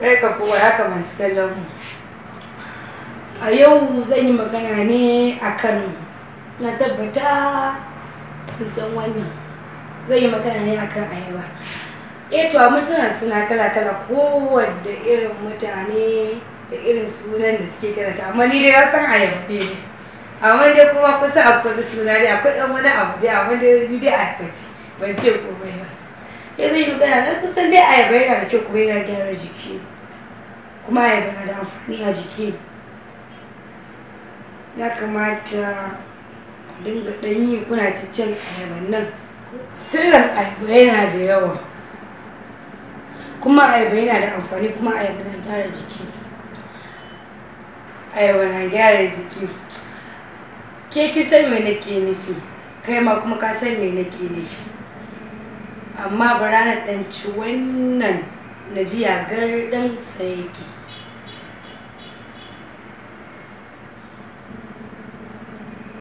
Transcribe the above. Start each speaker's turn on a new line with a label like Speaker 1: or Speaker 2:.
Speaker 1: barka kowa haka masu kallon mu a yau zan yi magana ne a kano na tabbata san wannan zan yi magana ne akan ayaba eh to mutuna suna kala kala kowanne irin mutane da irin sunan da suke karanta amma ni dai na san ayaba ne amma dai kuma kusa akwai suna dai akwai dan wani abu dai amma dai ni dai ayaba ce ban ce komai ba ya zai magana na kusan dai ayaba yana da kyau kuma yana gyara jiki kuma ayaba na da amfani a jiki ya kamata ku dinga ɗanyi kuna cicin ayaban nan sirrin ayaba yana da yawa kuma ayaba yana da amfani kuma ayaba na gyara jiki ayaba na gyara jiki ke ki san me nake nufi kai ma kuma ka san me nake nufi amma bara na ɗanci wannan na ji yagar ɗan sa yake